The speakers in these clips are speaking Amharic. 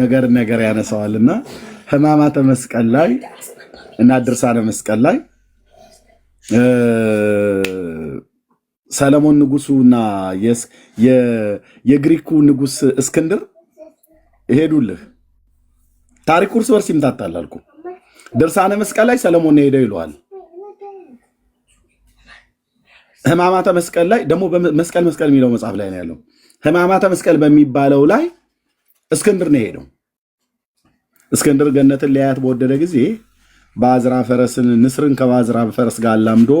ነገር ነገር ያነሳዋል እና ህማማተ መስቀል ላይ እና ድርሳነ መስቀል ላይ ሰለሞን እና የግሪኩ ንጉስ እስክንድር ይሄዱልህ ታሪኩ እርስ በርስ ይምታታል አልኩ። ድርሳነ መስቀል ላይ ሰለሞን ሄደው ይለዋል። ህማማተ መስቀል ላይ ደግሞ መስቀል መስቀል የሚለው መጽሐፍ ላይ ነው ያለው። ህማማተ መስቀል በሚባለው ላይ እስክንድር ነው የሄደው። እስክንድር ገነትን ሊያያት በወደደ ጊዜ ባዝራ ፈረስን ንስርን ከባዝራ ፈረስ ጋር አላምዶ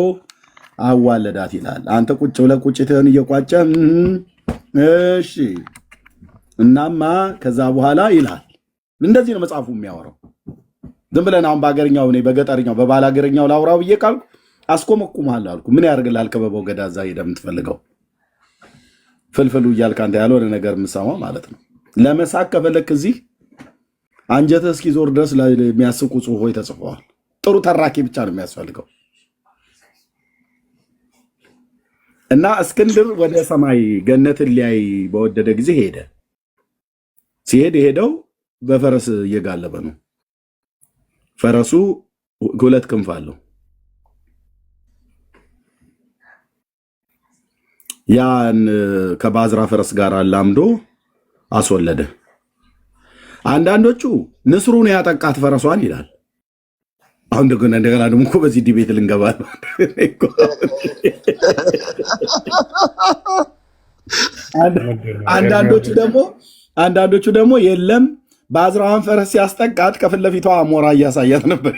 አዋለዳት ይላል። አንተ ቁጭ ብለህ ቁጭትህን እየቋጨ እሺ፣ እናማ ከዛ በኋላ ይላል። እንደዚህ ነው መጽሐፉ የሚያወራው። ዝም ብለን አሁን በአገርኛው እኔ በገጠርኛው በባል አገርኛው ላውራ ብዬ ቃልኩ አስኮመኩመሃል አልኩ። ምን ያደርግልሃል? ከበበው ገዳ እዛ ሄደህ የምትፈልገው ፍልፍሉ እያልክ አንተ ያልሆነ ነገር የምሰማ ማለት ነው። ለመሳቅ ከፈለክ እዚህ አንጀተ እስኪዞር ድረስ የሚያስቁ ጽሁፎች ተጽፈዋል። ጥሩ ተራኪ ብቻ ነው የሚያስፈልገው። እና እስክንድር ወደ ሰማይ ገነትን ሊያይ በወደደ ጊዜ ሄደ። ሲሄድ የሄደው በፈረስ እየጋለበ ነው። ፈረሱ ሁለት ክንፍ አለው። ያን ከባዝራ ፈረስ ጋር አላምዶ አስወለደ። አንዳንዶቹ ንስሩን ያጠቃት ፈረሷን ይላል። አሁን ደግሞ እንደገና ደግሞ እኮ በዚህ ዲቤት ልንገባ አንዳንዶቹ ደግሞ አንዳንዶቹ ደግሞ የለም በአዝራዋን ፈረስ ሲያስጠቃት ከፊት ለፊቷ አሞራ እያሳያት ነበር።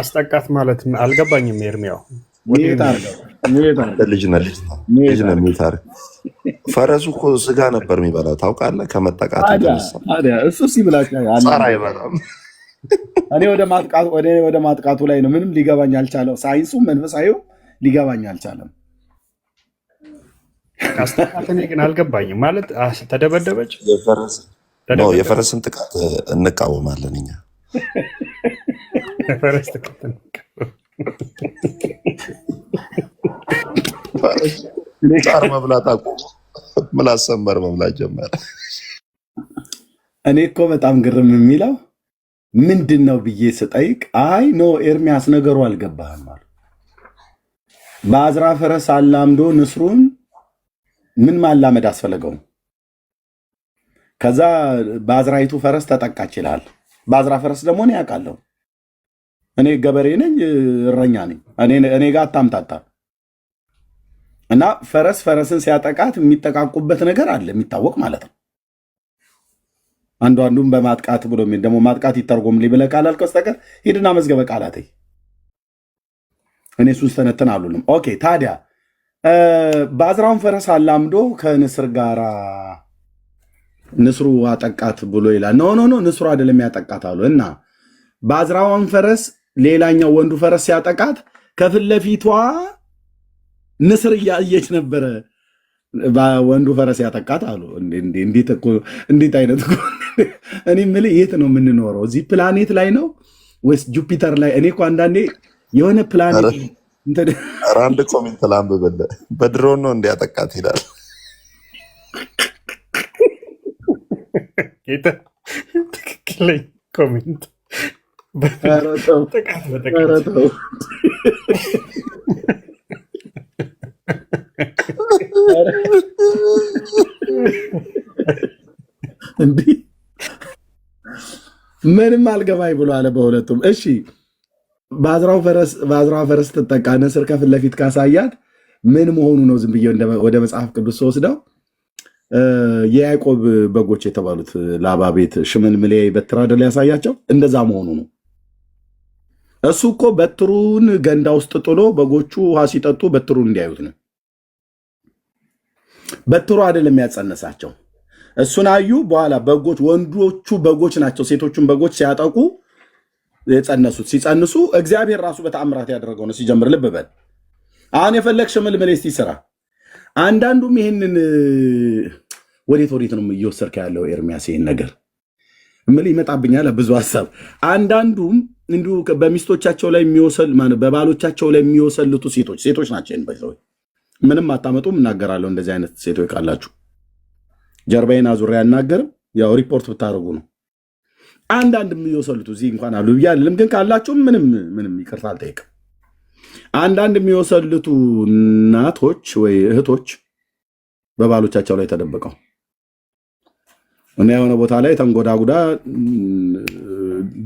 አስጠቃት ማለት አልገባኝም ኤርሚያው ፈረሱ እኮ ስጋ ነበር የሚበላ ታውቃለህ። ከመጠቃት እሱ እኔ ወደ ማጥቃቱ ላይ ነው። ምንም ሊገባኝ አልቻለም። ሳይንሱ መንፈሳዊ ሊገባኝ አልቻለም። አስተካከል ግን አልገባኝም። ማለት ተደበደበች። የፈረስን ጥቃት እንቃወማለን እኛ የፈረስ ጥቃት ቃር መብላት ምላስ ሰንበር መብላት ጀመረ። እኔ እኮ በጣም ግርም የሚለው ምንድን ነው ብዬ ስጠይቅ፣ አይ ኖ ኤርሚያስ ነገሩ አልገባህም አሉ። በአዝራ ፈረስ አላምዶ ንስሩን ምን ማላመድ አስፈለገውም? ከዛ በአዝራይቱ ፈረስ ተጠቃች ይላል። በአዝራ ፈረስ ደግሞ እኔ ያውቃለሁ። እኔ ገበሬ ነኝ፣ እረኛ ነኝ። እኔ ጋር አታምታታ። እና ፈረስ ፈረስን ሲያጠቃት የሚጠቃቁበት ነገር አለ የሚታወቅ ማለት ነው። አንዱ አንዱም በማጥቃት ብሎ ደግሞ ማጥቃት ይተርጎም ብለ ቃል አልቀስጠቀር ሂድና መዝገበ ቃላት እኔ እሱን ስተነትን አሉልም። ኦኬ ታዲያ በአዝራውን ፈረስ አላምዶ ከንስር ጋር ንስሩ አጠቃት ብሎ ይላል። ኖ ኖ ኖ ንስሩ አይደለም ያጠቃት አሉ እና በአዝራውን ፈረስ ሌላኛው ወንዱ ፈረስ ሲያጠቃት ከፊት ለፊቷ ንስር እያየች ነበረ ወንዱ ፈረስ ያጠቃት አሉ። እንዴት አይነት እኔ ምል የት ነው የምንኖረው? እዚህ ፕላኔት ላይ ነው ወይስ ጁፒተር ላይ? እኔ እኮ አንዳንዴ የሆነ ፕላኔት አንድ ኮሜንት ላንብብልህ። በድሮን ነው እንዲያጠቃት ይላል። ትክክለኛ ኮሜንት ጥቃት በጠቃት እንዲህ ምንም አልገባኝ ብሎ አለ። በሁለቱም እሺ፣ በአዝራው ፈረስ ትጠቃ ነስር ከፊት ለፊት ካሳያት ምን መሆኑ ነው? ዝም ብዬ ወደ መጽሐፍ ቅዱስ ወስደው የያዕቆብ በጎች የተባሉት ላባ ቤት ሽምልምሌ በትር አይደል ያሳያቸው? እንደዛ መሆኑ ነው። እሱ እኮ በትሩን ገንዳ ውስጥ ጥሎ በጎቹ ውሃ ሲጠጡ በትሩን እንዲያዩት ነው። በትሮ አይደለም ያጸነሳቸው። እሱን አዩ። በኋላ በጎች ወንዶቹ በጎች ናቸው፣ ሴቶቹን በጎች ሲያጠቁ የጸነሱት። ሲጸንሱ እግዚአብሔር ራሱ በተአምራት ያደረገው ነው። ሲጀምር ልብ በል አሁን የፈለግ ሽምልምል እስቲ ስራ። አንዳንዱም ይህንን ወዴት ወዴት ነው እየወሰድክ ያለው ኤርሚያስ? ይህን ነገር ምል ይመጣብኛል? ብዙ ሀሳብ። አንዳንዱም እንዲሁ በሚስቶቻቸው ላይ የሚወሰል በባሎቻቸው ላይ የሚወሰልቱ ሴቶች ሴቶች ናቸው ምንም አታመጡም፣ እናገራለሁ። እንደዚህ አይነት ሴቶች ካላችሁ ጀርባዬን አዙሬ አናገርም። ያው ሪፖርት ብታደርጉ ነው። አንዳንድ የሚወሰሉት እዚህ እንኳን አሉ ብዬ አልልም፣ ግን ካላችሁም ምንም ምንም ይቅርታ አልጠይቅም። አንዳንድ የሚወሰልቱ እናቶች ወይ እህቶች በባሎቻቸው ላይ ተደብቀው እና የሆነ ቦታ ላይ ተንጎዳጉዳ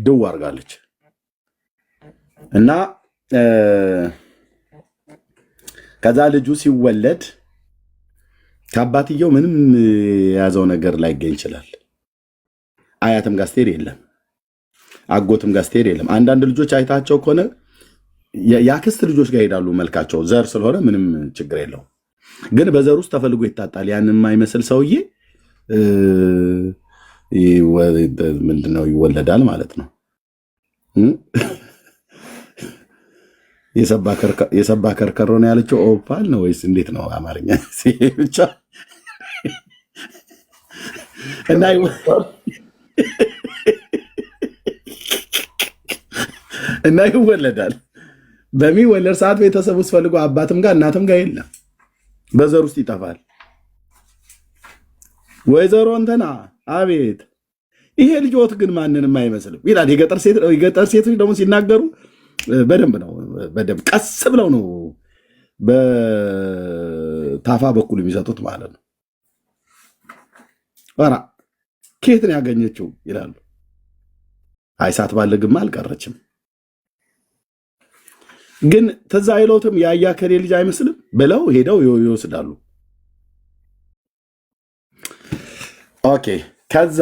ድው አድርጋለች እና ከዛ ልጁ ሲወለድ ከአባትየው ምንም የያዘው ነገር ላይገኝ ይችላል። አያትም ጋር ስትሄድ የለም፣ አጎትም ጋር ስትሄድ የለም። አንዳንድ ልጆች አይታቸው ከሆነ የአክስት ልጆች ጋር ይሄዳሉ። መልካቸው ዘር ስለሆነ ምንም ችግር የለውም። ግን በዘር ውስጥ ተፈልጎ ይታጣል። ያን የማይመስል ሰውዬ ምንድነው ይወለዳል ማለት ነው። የሰባ ከርከሮ ነው ያለችው። ኦፓል ነው ወይስ እንዴት ነው አማርኛ? ብቻ እና እና ይወለዳል። በሚወለድ ሰዓት ቤተሰብ ውስጥ ፈልጎ አባትም ጋር እናትም ጋር የለም። በዘር ውስጥ ይጠፋል። ወይዘሮ እንትና አቤት፣ ይሄ ልጆት ግን ማንንም አይመስልም ይላል። የገጠር ሴቶች ደግሞ ሲናገሩ በደንብ ነው። በደንብ ቀስ ብለው ነው በታፋ በኩል የሚሰጡት ማለት ነው። ኧረ ከየት ነው ያገኘችው ይላሉ። አይሳት ባለግማ አልቀረችም። ግን ተዛ አይለውትም ያያ ከሌ ልጅ አይመስልም ብለው ሄደው ይወስዳሉ። ኦኬ። ከዛ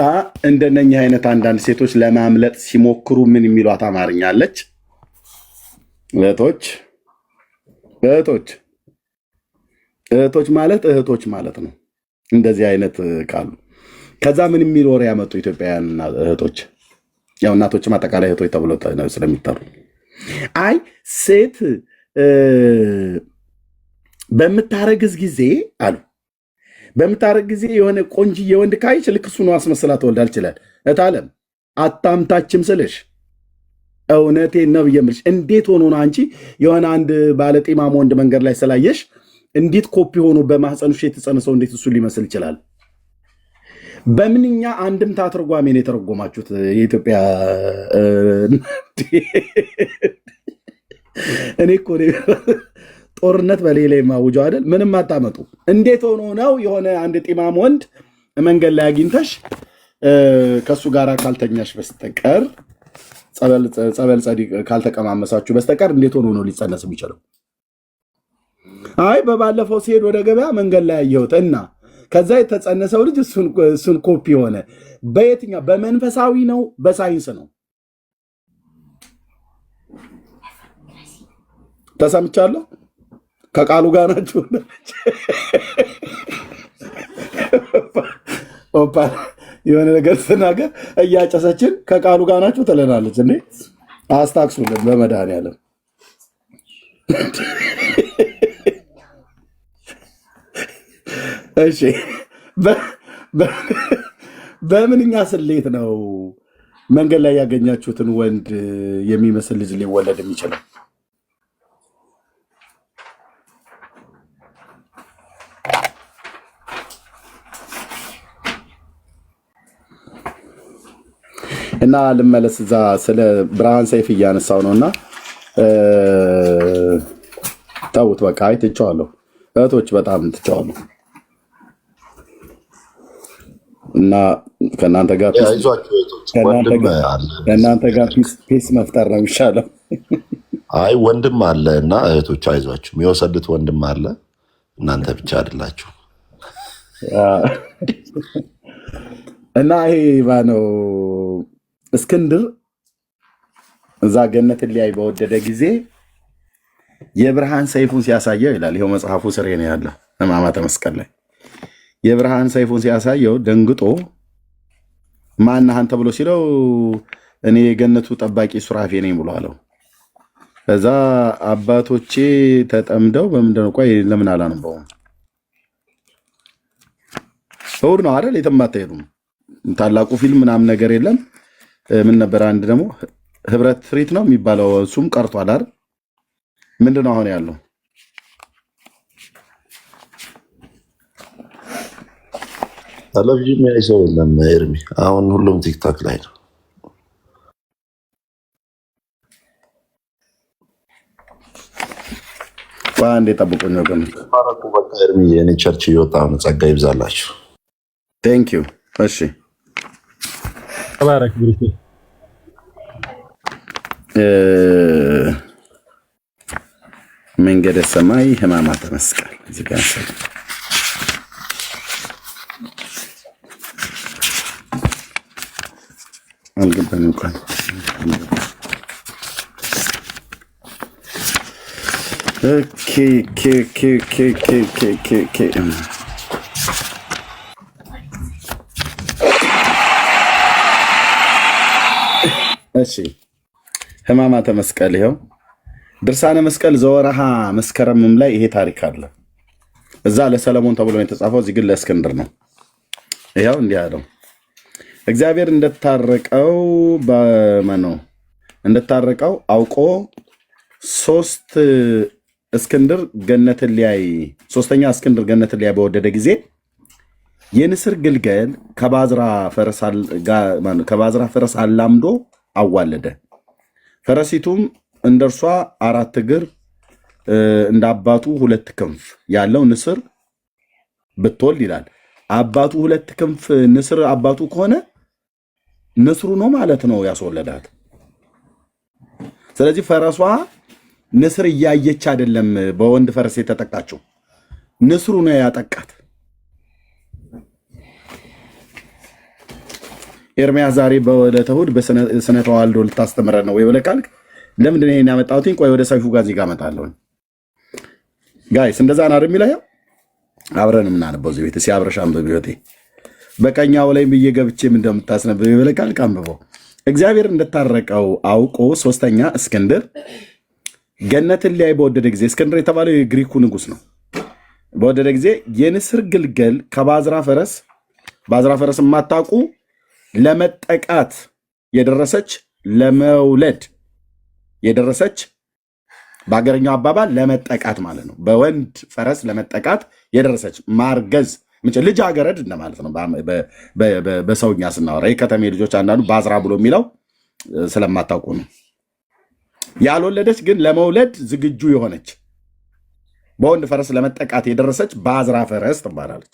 እንደነኚህ አይነት አንዳንድ ሴቶች ለማምለጥ ሲሞክሩ ምን የሚሏት አማርኛለች? እህቶች እህቶች እህቶች ማለት እህቶች ማለት ነው። እንደዚህ አይነት ቃሉ ከዛ ምን የሚል ወሬ ያመጡ ኢትዮጵያውያን እህቶች፣ ያው እናቶችም አጠቃላይ እህቶች ተብሎ ስለሚጠሩ አይ ሴት በምታረግዝ ጊዜ አሉ በምታረግ ጊዜ የሆነ ቆንጅዬ ወንድ ካይች ልክ እሱ ነው አስመስላ ትወልዳል ይችላል። እታለም አታምታችም ስልሽ እውነቴ ነው ብዬሽ የምልሽ። እንዴት ሆኖ ነው አንቺ የሆነ አንድ ባለጤማማ ወንድ መንገድ ላይ ስላየሽ እንዴት ኮፒ ሆኖ በማህፀንሽ የተጸነሰው እንዴት እሱ ሊመስል ይችላል? በምንኛ አንድምታ ትርጓሜ ነው የተረጎማችሁት? የኢትዮጵያ እኔ እኮ ጦርነት በሌላ የማውጀው አይደል? ምንም አታመጡ። እንዴት ሆኖ ነው የሆነ አንድ ጢማም ወንድ መንገድ ላይ አግኝተሽ ከእሱ ጋር ካልተኛሽ በስተቀር ጸበል ጸዲቅ ካልተቀማመሳችሁ በስተቀር እንዴት ሆኖ ነው ሊጸነስ የሚችለው? አይ በባለፈው ሲሄድ ወደ ገበያ መንገድ ላይ ያየሁት እና ከዛ የተጸነሰው ልጅ እሱን ኮፒ ሆነ። በየትኛው በመንፈሳዊ ነው በሳይንስ ነው? ተሰምቻለሁ። ከቃሉ ጋር ናችሁ። የሆነ ነገር ስናገር እያጨሰችን ከቃሉ ጋር ናችሁ ትለናለች። እንዴ አስታክሱልን በመድኃኒዓለም እሺ በምንኛ ስሌት ነው መንገድ ላይ ያገኛችሁትን ወንድ የሚመስል ልጅ ሊወለድ የሚችለው? እና ልመለስ እዛ ስለ ብርሃን ሰይፍ እያነሳው ነው እና ተውት በቃ አይ ትቸዋለሁ እህቶች በጣም ትቼዋለሁ እና ከእናንተ ጋር ከእናንተ ጋር ፒስ መፍጠር ነው የሚሻለው። አይ ወንድም አለ እና እህቶች አይዟችሁ፣ የሚወሰዱት ወንድም አለ። እናንተ ብቻ አይደላችሁ እና ይሄ ባ ነው እስክንድር እዛ ገነትን ሊያይ በወደደ ጊዜ የብርሃን ሰይፉን ሲያሳየው ይላል። ይኸው መጽሐፉ ስሬ ነው ያለ ሕማማተ መስቀል ላይ የብርሃን ሰይፉን ሲያሳየው ደንግጦ ማናህን ተብሎ ሲለው እኔ የገነቱ ጠባቂ ሱራፌ ነኝ ብሎ አለው። እዛ አባቶቼ ተጠምደው በምንድነው? ቆይ ለምን አላነበውም? እሑድ ነው አይደል? የትም አትሄዱም። ታላቁ ፊልም ምናምን ነገር የለም ምን ነበር? አንድ ደግሞ ህብረት ትርኢት ነው የሚባለው እሱም ቀርቷል አይደል? ምንድን ነው አሁን ያለው? አለብኝ የሚያይ ሰው የለም ኤርሚ። አሁን ሁሉም ቲክታክ ላይ ነው። አንዴ ጠብቁኝ ወገኖች። ኤርሚ የኔ ቸርች እየወጣ ነው። ጸጋ ይብዛላችሁ። ቴንክ ዩ። እሺ ተባረክ ብሩኬ። መንገደ ሰማይ ህማማተ መስቀል እዚህ ጋር ሰው አልገባኝ እንኳን ኦኬ ኦኬ ኦኬ ኦኬ ኦኬ ኦኬ እሺ ህማማተ መስቀል ይኸው ድርሳነ መስቀል ዘወረሃ መስከረምም ላይ ይሄ ታሪክ አለ። እዛ ለሰለሞን ተብሎ የተጻፈው እዚህ ግን ለእስክንድር ነው። ይኸው እንዲህ አለው እግዚአብሔር እንደታረቀው በመነው እንደታረቀው አውቆ ሶስት እስክንድር ገነትን ሊያይ ሶስተኛ እስክንድር ገነትን ሊያይ በወደደ ጊዜ የንስር ግልገል ከባዝራ ፈረስ አላምዶ አዋለደ። ፈረሲቱም እንደ እርሷ አራት እግር እንደ አባቱ ሁለት ክንፍ ያለው ንስር ብትወልድ ይላል። አባቱ ሁለት ክንፍ ንስር አባቱ ከሆነ ንስሩ ነው ማለት ነው ያስወለዳት። ስለዚህ ፈረሷ ንስር እያየች አይደለም በወንድ ፈረስ የተጠቃችው፣ ንስሩ ነው ያጠቃት። ኤርሚያ ዛሬ በዕለተ እሑድ በስነ ተዋልዶ ልታስተምረን ነው ወይ ብለህ ካልክ ለምንድን ይሄን ያመጣሁትኝ? ቆይ ወደ ሰይፉ ጋ እመጣለሁ። ጋይስ እንደዛ ና የሚለ አብረን የምናነበው እዚህ ቤት እስኪ አብረሽ አንብብ ህይወቴ። በቀኛው ላይ ብዬ ገብቼም እንደምታስነብብ ብለህ ካልክ አንብበው። እግዚአብሔር እንደታረቀው አውቆ ሶስተኛ እስክንድር ገነትን ሊያይ በወደደ ጊዜ እስክንድር የተባለው የግሪኩ ንጉስ ነው። በወደደ ጊዜ የንስር ግልገል ከባዝራ ፈረስ ባዝራ ፈረስ የማታውቁ ለመጠቃት የደረሰች ለመውለድ የደረሰች በሀገረኛው አባባል ለመጠቃት ማለት ነው። በወንድ ፈረስ ለመጠቃት የደረሰች ማርገዝ ልጃገረድ እንደማለት ነው። በሰውኛ ስናወራ የከተሜ ልጆች አንዳንዱ ባዝራ ብሎ የሚለው ስለማታውቁ ነው። ያልወለደች ግን ለመውለድ ዝግጁ የሆነች በወንድ ፈረስ ለመጠቃት የደረሰች ባዝራ ፈረስ ትባላለች።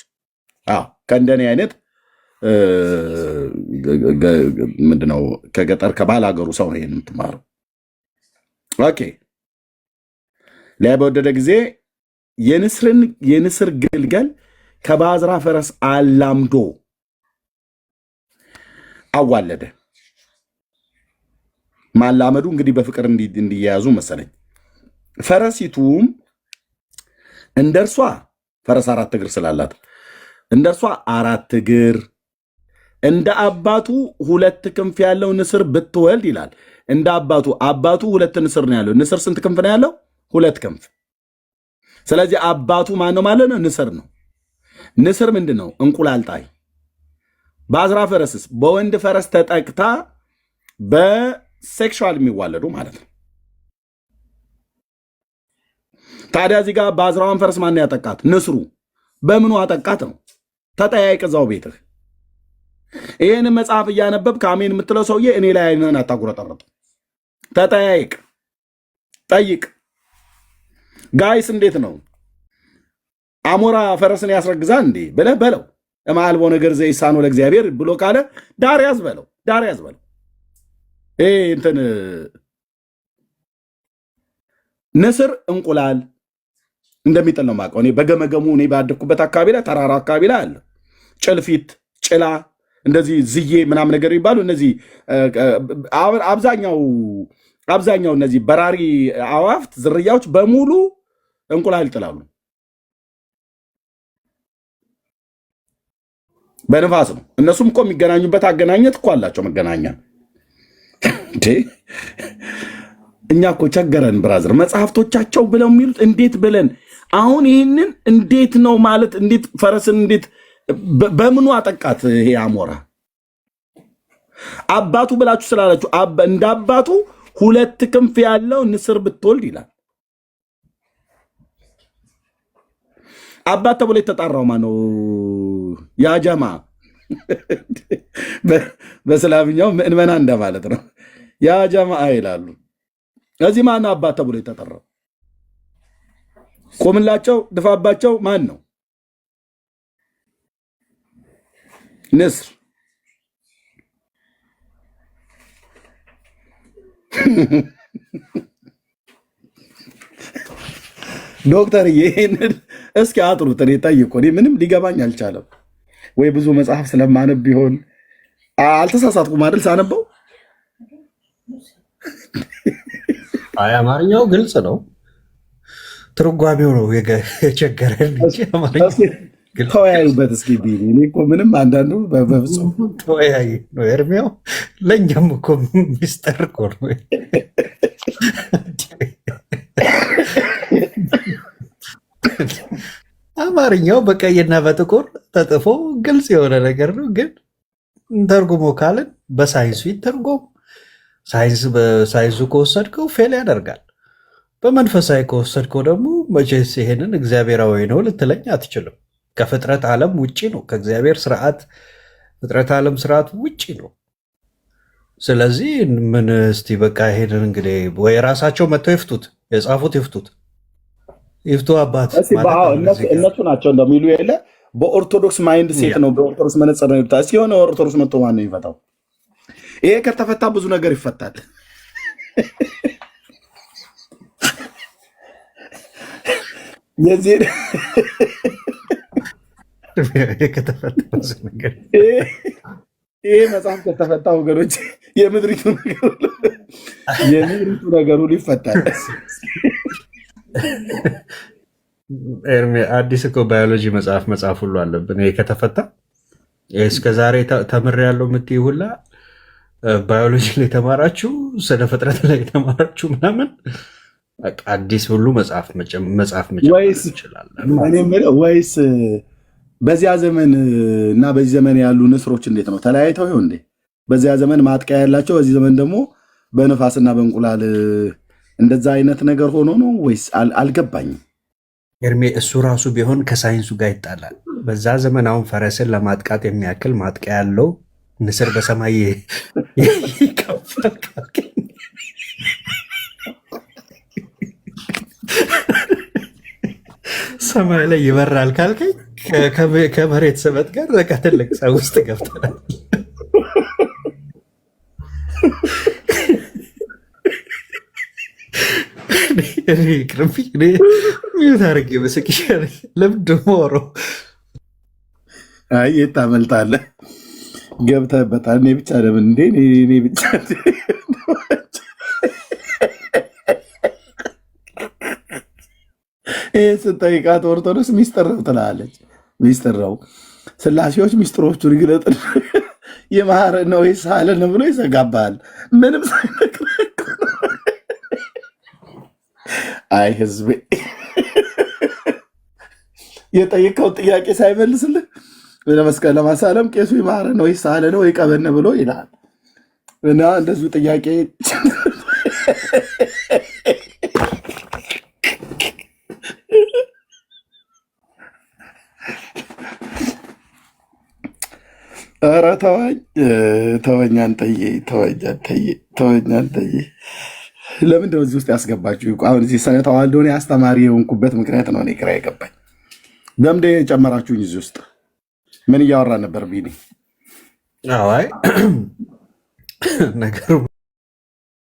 ከእንደኔ አይነት ምንድነው ከገጠር ከባል ሀገሩ ሰው ነው ይሄን ኦኬ ላይ በወደደ ጊዜ የንስር ግልገል ከባዝራ ፈረስ አላምዶ አዋለደ። ማላመዱ እንግዲህ በፍቅር እንዲያያዙ መሰለኝ። ፈረሲቱም እንደ እርሷ ፈረስ አራት እግር ስላላት እንደ እርሷ አራት እግር እንደ አባቱ ሁለት ክንፍ ያለው ንስር ብትወልድ ይላል። እንደ አባቱ አባቱ ሁለት ንስር ነው ያለው። ንስር ስንት ክንፍ ነው ያለው? ሁለት ክንፍ። ስለዚህ አባቱ ማን ነው ማለት ነው? ንስር ነው። ንስር ምንድን ነው? እንቁላል ጣይ። በአዝራ ፈረስስ? በወንድ ፈረስ ተጠቅታ በሴክሹዋል የሚዋለዱ ማለት ነው። ታዲያ እዚህ ጋር በአዝራዋን ፈረስ ማን ያጠቃት? ንስሩ። በምኑ አጠቃት ነው? ተጠያይቅ እዛው ቤትህ ይህን መጽሐፍ እያነበብ ከአሜን የምትለው ሰውዬ እኔ ላይ አይንህን አታጉረጠረጥ። ተጠያይቅ፣ ጠይቅ። ጋይስ እንዴት ነው አሞራ ፈረስን ያስረግዛል እንዴ ብለህ በለው። እምአልቦ ነገር ዘይሳኖ ለእግዚአብሔር ብሎ ካለ ዳር ያዝ በለው፣ ዳር ያዝ በለው። ይሄ እንትን ንስር እንቁላል እንደሚጥል ነው የማውቀው እኔ በገመገሙ እኔ ባደኩበት አካባቢ ላይ ተራራ አካባቢ ላይ አለ ጭልፊት ጭላ እንደዚህ ዝዬ ምናምን ነገር የሚባሉ እነዚህ አብዛኛው አብዛኛው እነዚህ በራሪ አዋፍት ዝርያዎች በሙሉ እንቁላል ይጥላሉ። በንፋስ ነው። እነሱም እኮ የሚገናኙበት አገናኘት እኮ አላቸው። መገናኛ እኛ እኮ ቸገረን ብራዘር፣ መጽሐፍቶቻቸው ብለው የሚሉት እንዴት ብለን አሁን ይህንን እንዴት ነው ማለት እንዴት ፈረስን እንዴት በምኑ አጠቃት? ይሄ አሞራ አባቱ ብላችሁ ስላላችሁ እንደ አባቱ ሁለት ክንፍ ያለው ንስር ብትወልድ ይላል። አባት ተብሎ የተጣራው ማነው? ያ ጀማ በስላምኛው ምእመና እንደማለት ነው። ያ ጀማ ይላሉ። እዚህ ማነው አባት ተብሎ የተጠራው? ቆምላቸው ድፋባቸው ማን ነው? ንስር ዶክተር ይህንን እስኪ አጥሩት። እኔ ጠይቆ እኔ ምንም ሊገባኝ አልቻለም። ወይ ብዙ መጽሐፍ ስለማነብ ቢሆን አልተሳሳትኩም አይደል? ሳነበው አይ አማርኛው ግልጽ ነው፣ ትርጓሜው ነው የቸገረን። ተወያዩ እስኪ ቢኒ። እኔ እኮ ምንም አንዳንዱ በፍጹም ተወያዩ ነው። እርሜው ለእኛም እኮ ሚስጠር እኮ ነው። አማርኛው በቀይና በጥቁር ተጥፎ ግልጽ የሆነ ነገር ነው። ግን እንተርጉሞ ካልን በሳይንሱ ይተርጎም። በሳይንሱ ከወሰድከው ፌል ያደርጋል። በመንፈሳዊ ከወሰድከው ደግሞ መቼስ ይሄንን እግዚአብሔራዊ ነው ልትለኝ አትችልም። ከፍጥረት ዓለም ውጭ ነው። ከእግዚአብሔር ስርዓት ፍጥረት ዓለም ስርዓት ውጭ ነው። ስለዚህ ምን እስቲ በቃ ይሄንን እንግዲህ ወይ ራሳቸው መጥተው ይፍቱት፣ የጻፉት ይፍቱት፣ ይፍቱ አባት እነሱ ናቸው እንደሚሉ የለ በኦርቶዶክስ ማይንድ ሴት ነው፣ በኦርቶዶክስ መነጽር ነው ይፍታ። ሲሆነ ኦርቶዶክስ መጥቶ ማን ነው ይፈታው? ይሄ ከተፈታ ብዙ ነገር ይፈታል። የዚህ ይሄ መጽሐፍ ከተፈታ ወገኖች የምድሪቱ ነገር ሁሉ ይፈታል። አዲስ እኮ ባዮሎጂ መጽሐፍ መጽሐፍ ሁሉ አለብን። ይሄ ከተፈታ እስከዛሬ ተምር ያለው የምትይ ሁላ ባዮሎጂ ላይ ተማራችሁ፣ ስለ ፍጥረት ላይ ተማራችሁ ምናምን አዲስ ሁሉ መጽሐፍ መጽሐፍ መጨመር ይችላል ወይስ በዚያ ዘመን እና በዚህ ዘመን ያሉ ንስሮች እንዴት ነው ተለያይተው ይሆን እንዴ? በዚያ ዘመን ማጥቂያ ያላቸው በዚህ ዘመን ደግሞ በነፋስና በእንቁላል እንደዛ አይነት ነገር ሆኖ ነው ወይስ? አልገባኝም። እርሜ እሱ ራሱ ቢሆን ከሳይንሱ ጋር ይጣላል። በዛ ዘመን አሁን ፈረስን ለማጥቃት የሚያክል ማጥቂያ ያለው ንስር በሰማይ ሰማይ ላይ ይበራል ካልከኝ ከመሬት ስበት ጋር በቃ ትልቅ ሰው ውስጥ ገብተናል። ቅርብኝ ሚዩት አድርጌ በስቅ ለምን ደሞ ሮ አይ ታመልጣለህ፣ ገብተህበታል። እኔ ብቻ ለምን እንዴ እኔ ብቻ ይህ ስጠይቃት ኦርቶዶክስ ሚስጥር ነው ትላለች። ሚስጥር ስላሴዎች ሚስጥሮቹን ግለጥ የማረ ነው ሳለ ነው ብሎ ይዘጋባል። ምንም ሳይነግረ አይ ህዝቤ የጠየቀውን ጥያቄ ሳይመልስልህ ለመስቀል ለማሳለም ቄሱ ይማረ ነው ሳለ ነው ይቀበነ ብሎ ይላል እና እንደዚሁ ጥያቄ ኧረ ተወኝ ተወኝ አንተዬ ተወኝ አንተዬ ተወኝ አንተዬ። ለምንድነው እዚህ ውስጥ ያስገባችሁ? አሁን እዚህ ስነ ተዋልዶ አስተማሪ የሆንኩበት ምክንያት ነው። እኔ ግራ የገባኝ ለምንድን የጨመራችሁኝ እዚህ ውስጥ? ምን እያወራን ነበር ቢኒ? አይ ነገሩ